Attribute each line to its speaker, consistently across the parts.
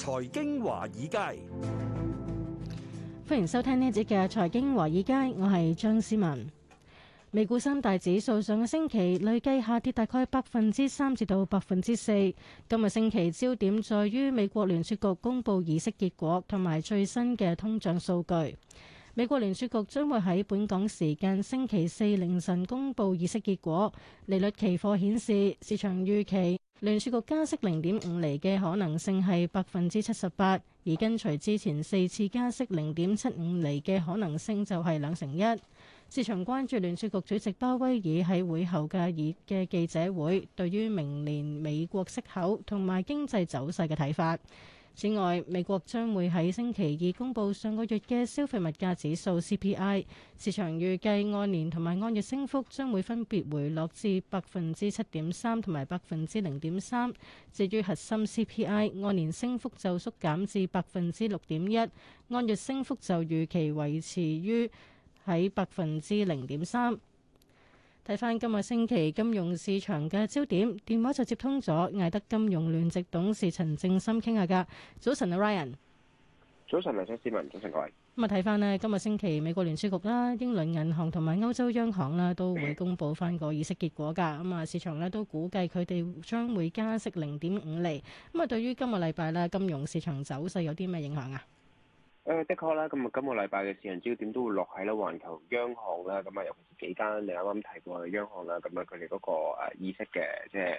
Speaker 1: 財經華爾街，
Speaker 2: 歡迎收聽呢一節嘅財經華爾街，我係張思文。美股三大指數上個星期累計下跌大概百分之三至到百分之四。今日星期焦點在於美國聯儲局公布議息結果同埋最新嘅通脹數據。美國聯儲局將會喺本港時間星期四凌晨公布議息結果，利率期貨顯示市場預期。聯儲局加息零點五厘嘅可能性係百分之七十八，而跟隨之前四次加息零點七五厘嘅可能性就係兩成一。市場關注聯儲局主席鮑威爾喺會後嘅嘅記者會，對於明年美國息口同埋經濟走勢嘅睇法。此外，美國將會喺星期二公佈上個月嘅消費物價指數 CPI，市場預計按年同埋按月升幅將會分別回落至百分之七點三同埋百分之零點三。至於核心 CPI，按年升幅就縮減至百分之六點一，按月升幅就預期維持於喺百分之零點三。睇翻今日星期金融市場嘅焦點，電話就接通咗。艾德金融聯席董事陳正深傾下㗎。早晨啊，Ryan。早晨，兩位市民，
Speaker 1: 早晨各位。咁
Speaker 2: 啊，睇翻咧，今日星期美國聯儲局啦、英倫銀行同埋歐洲央行啦，都會公布翻個議息結果㗎。咁啊，市場咧都估計佢哋將會加息零點五釐。咁啊，對於今個禮拜啦，金融市場走勢有啲咩影響啊？
Speaker 1: 誒、嗯，的確啦，咁啊，今個禮拜嘅市場焦點都會落喺咧，環球央行啦，咁啊，尤其是幾間你啱啱提過嘅央行啦，咁啊，佢哋嗰個意識嘅，即係。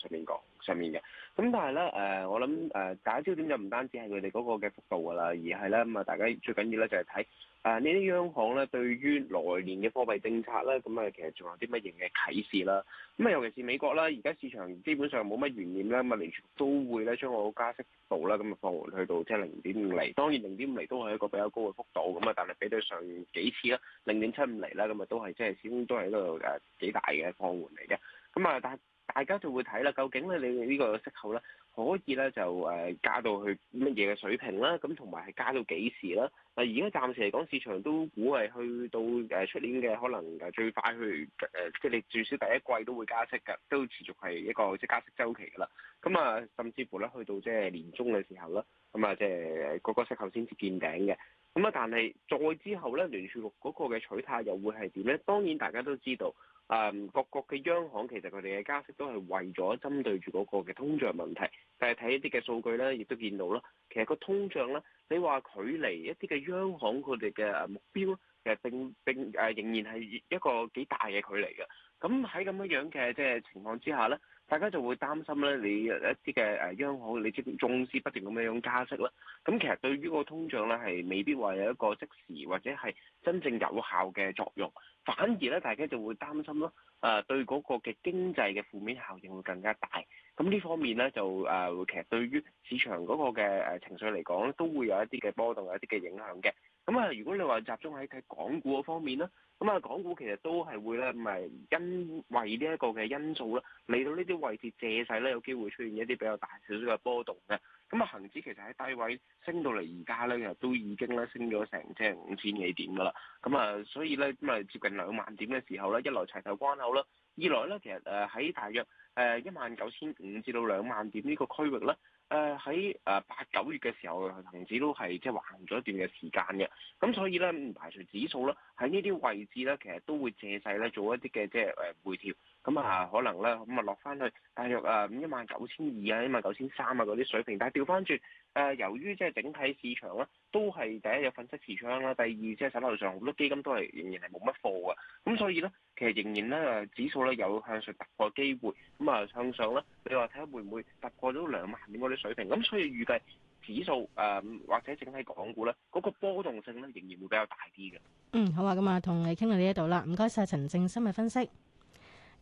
Speaker 1: 上面講上面嘅，咁但係咧誒，我諗誒，大、呃、家焦點就唔單止係佢哋嗰個嘅幅度㗎啦，而係咧咁啊，大家最緊要咧就係睇誒呢啲央行咧對於來年嘅貨幣政策咧，咁、嗯、啊其實仲有啲乜嘢嘅啟示啦。咁、嗯、啊，尤其是美國啦，而家市場基本上冇乜懸念啦，咁、嗯、啊，連續都會咧將個加息幅度啦咁啊放緩去到即係零點五厘。當然零點五厘都係一個比較高嘅幅度，咁、嗯、啊，但係比對上幾次啦，零點七五厘啦，咁、嗯、啊都係即係始終都係一個誒幾大嘅放緩嚟嘅。咁、嗯、啊，但係。大家就會睇啦，究竟咧你呢個息口咧可以咧就誒、呃、加到去乜嘢嘅水平啦，咁同埋係加到幾時啦？嗱、啊，而家暫時嚟講，市場都估係去到誒出年嘅可能誒最快去誒即係你最少第一季都會加息㗎，都持續係一個即係加息週期㗎啦。咁啊，甚至乎咧去到即係年中嘅時候啦，咁啊即係個個息口先至見頂嘅。咁啊！但係再之後咧，聯儲局嗰個嘅取態又會係點咧？當然大家都知道，誒、嗯、各國嘅央行其實佢哋嘅加息都係為咗針對住嗰個嘅通脹問題。但係睇一啲嘅數據咧，亦都見到啦，其實個通脹咧，你話距離一啲嘅央行佢哋嘅目標。其實並並、啊、仍然係一個幾大嘅距離嘅，咁喺咁樣樣嘅即係情況之下咧，大家就會擔心咧，你一啲嘅誒央行你即係縱使不斷咁樣加息咧，咁其實對於個通脹咧係未必話有一個即時或者係真正有效嘅作用，反而咧大家就會擔心咯，誒、啊、對嗰個嘅經濟嘅負面效應會更加大，咁呢方面咧就誒、啊、其實對於市場嗰個嘅誒情緒嚟講咧，都會有一啲嘅波動、有一啲嘅影響嘅。咁啊，如果你話集中喺睇港股嗰方面咧，咁啊，港股其實都係會咧，唔係因為呢一個嘅因素啦，嚟到呢啲位置借勢咧，有機會出現一啲比較大少少嘅波動嘅。咁啊，恒指其實喺低位升到嚟而家咧，其實都已經咧升咗成即係五千幾點㗎喇。咁啊，所以咧咁啊，接近兩萬點嘅時候咧，一來齊頭關口啦，二來咧其實誒喺大約誒一萬九千五至到兩萬點呢個區域咧。誒喺誒八九月嘅時候，恒指都係即係橫咗一段嘅時間嘅，咁所以咧唔排除指數啦，喺呢啲位置咧，其實都會借勢咧做一啲嘅即係誒、呃、回調，咁啊可能咧咁啊落翻去大約啊一萬九千二啊一萬九千三啊嗰啲水平，但係調翻轉。.誒，由於即係整體市場咧，都係第一有粉飾櫥窗啦，第二即係手頭上好多基金都係仍然係冇乜貨嘅，咁所以咧，其實仍然咧誒，指數咧有向上突破嘅機會，咁啊向上咧，你話睇下會唔會突破咗兩萬點嗰啲水平，咁所以預計指數誒、呃、或者整體港股咧，嗰、那個波動性咧仍然會比較大啲嘅。
Speaker 2: 嗯，好啊，咁啊，同你傾到呢一度啦，唔該晒陳正新嘅分析。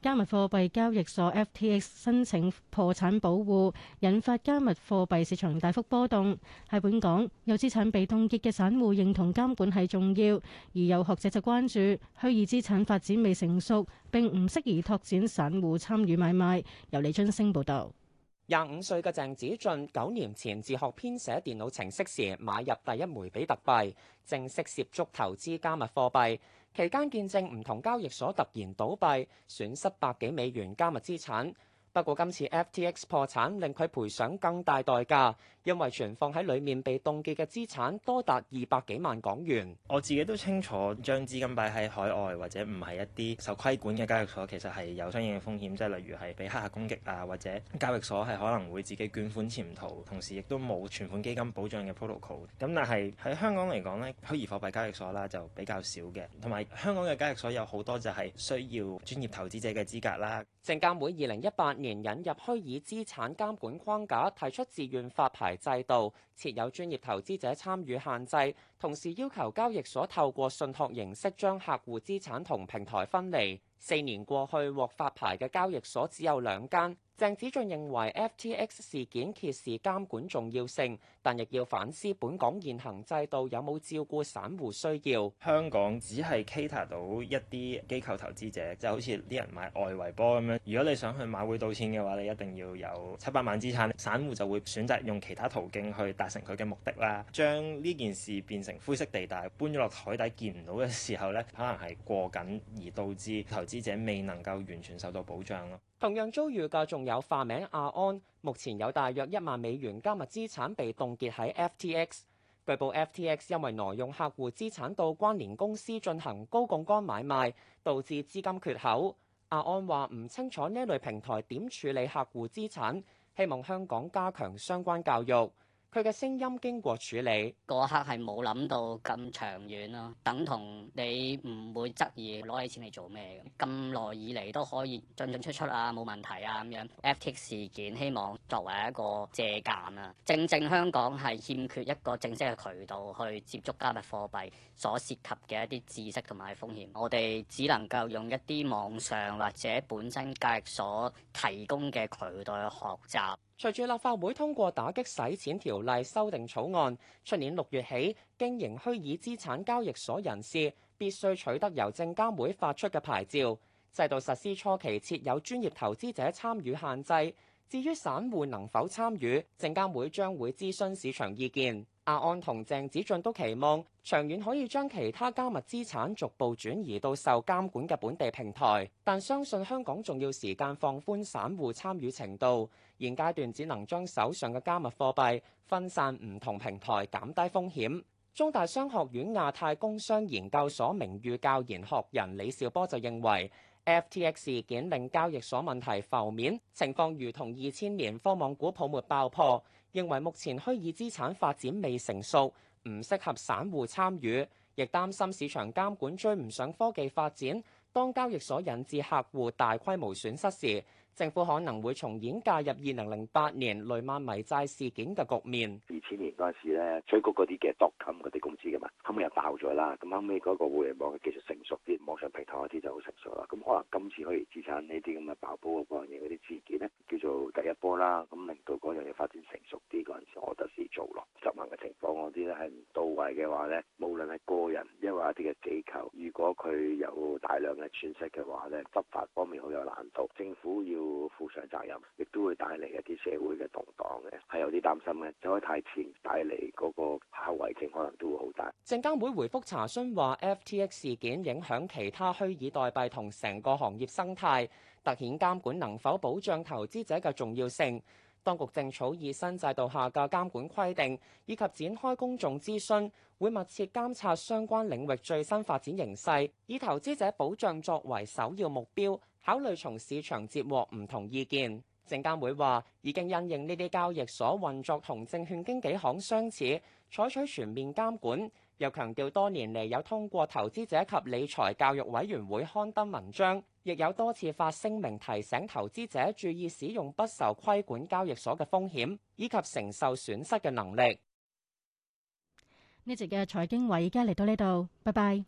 Speaker 2: 加密貨幣交易所 FTX 申請破產保護，引發加密貨幣市場大幅波動。喺本港，有資產被凍結嘅散戶認同監管係重要，而有學者就關注虛擬資產發展未成熟，並唔適宜拓展散戶參與買賣。由李津升報導。
Speaker 3: 廿五歲嘅鄭子俊，九年前自學編寫電腦程式時，買入第一枚比特幣，正式涉足投資加密貨幣。期間見證唔同交易所突然倒閉，損失百幾美元加密資產。不過，今次 FTX 破產令佢賠上更大代價，因為存放喺裡面被凍結嘅資產多達二百幾萬港元。我自己都清楚，將資金擺喺海外或者唔係一啲受規管嘅交易所，其實係有相應嘅風險，即係例如係被黑客攻擊啊，或者交易所係可能會自己捲款潛逃，同時亦都冇存款基金保障嘅 protocol。咁但係喺香港嚟講咧，虛擬貨幣交易所啦就比較少嘅，同埋香港嘅交易所有好多就係需要專業投資者嘅資格啦。證監會二零一八年引入虛擬資產監管框架，提出自願發牌制度，設有專業投資者參與限制，同時要求交易所透過信託形式將客戶資產同平台分離。四年過去，獲發牌嘅交易所只有兩間。鄭子俊認為，FTX 事件揭示監管重要性，但亦要反思本港現行制度有冇照顧散戶需要。香港只係 cater 到一啲機構投資者，即係好似啲人買外圍波咁樣。如果你想去馬會賭錢嘅話，你一定要有七百萬資產。散戶就會選擇用其他途徑去達成佢嘅目的啦。將呢件事變成灰色地帶，搬咗落海底見唔到嘅時候咧，可能係過緊而導致投資者未能夠完全受到保障咯。同樣遭遇嘅仲有化名阿安，目前有大約一萬美元加密資產被凍結喺 FTX。據報 FTX 因為挪用客戶資產到關聯公司進行高槓桿買賣，導致資金缺口。阿安話唔清楚呢類平台點處理客戶資產，希望香港加強相關教育。佢嘅聲音經過處理，嗰刻係冇諗到咁長遠咯、啊，等同你唔會質疑攞起錢嚟做咩，咁耐以嚟都可以進進出出啊，冇問題啊咁樣。FTX 事件希望作為一個借鑑啊，正正香港係欠缺一個正式嘅渠道去接觸加密貨幣所涉及嘅一啲知識同埋風險，我哋只能夠用一啲網上或者本身交易所提供嘅渠道去學習。隨住立法會通過打擊洗錢條例修訂草案，出年六月起，經營虛擬資產交易所人士必須取得由證監會發出嘅牌照。制度實施初期設有專業投資者參與限制，至於散戶能否參與，證監會將會諮詢市場意見。阿安同鄭子俊都期望長遠可以將其他加密資產逐步轉移到受監管嘅本地平台，但相信香港仲要時間放寬散戶參與程度，現階段只能將手上嘅加密貨幣分散唔同平台，減低風險。中大商學院亞太工商研究所名譽教研學人李兆波就認為。FTX 事件令交易所問題浮面，情況如同二千年科網股泡沫爆破。認為目前虛擬資產發展未成熟，唔適合散戶參與，亦擔心市場監管追唔上科技發展。當交易所引致客戶大規模損失時，政府可能會重演介入二零零八年雷曼迷債事件嘅局面。
Speaker 1: 二千年嗰陣時咧，催局嗰啲嘅多金嗰啲公司嘅嘛，後尾又爆咗啦。咁後尾嗰個互聯網嘅技術成熟啲，網上平台嗰啲就好成熟啦。咁可能今次可以支撐呢啲咁嘅爆煲嗰樣嘢嗰啲事件咧，叫做第一波啦。咁令到嗰樣嘢發展成熟啲嗰陣時我覺得，我特時做落。執行嘅情況嗰啲咧，係唔到位嘅話咧，無論係個人因為一啲嘅機構，如果佢有大量嘅損失嘅話咧，執法方面好有難度，政府要負上責任，亦都會帶嚟一啲社會嘅動蕩嘅，係有啲擔心嘅，走得太前帶嚟嗰個後遺症可能都會好大。
Speaker 3: 證監會回復查詢話 FTX 事件影響其他虛擬代幣同成個行業生態突顯監管能否保障投資者嘅重要性。當局正草擬新制度下嘅監管規定，以及展開公眾諮詢，會密切監察相關領域最新發展形勢，以投資者保障作為首要目標，考慮從市場接獲唔同意見。證監會話已經因應呢啲交易所運作同證券經紀行相似，採取全面監管，又強調多年嚟有通過投資者及理財教育委員會刊登文章。亦有多次發聲明提醒投資者注意使用不受規管交易所嘅風險，以及承受損失嘅能力。
Speaker 2: 呢節嘅財經華爾街，而家嚟到呢度，拜拜。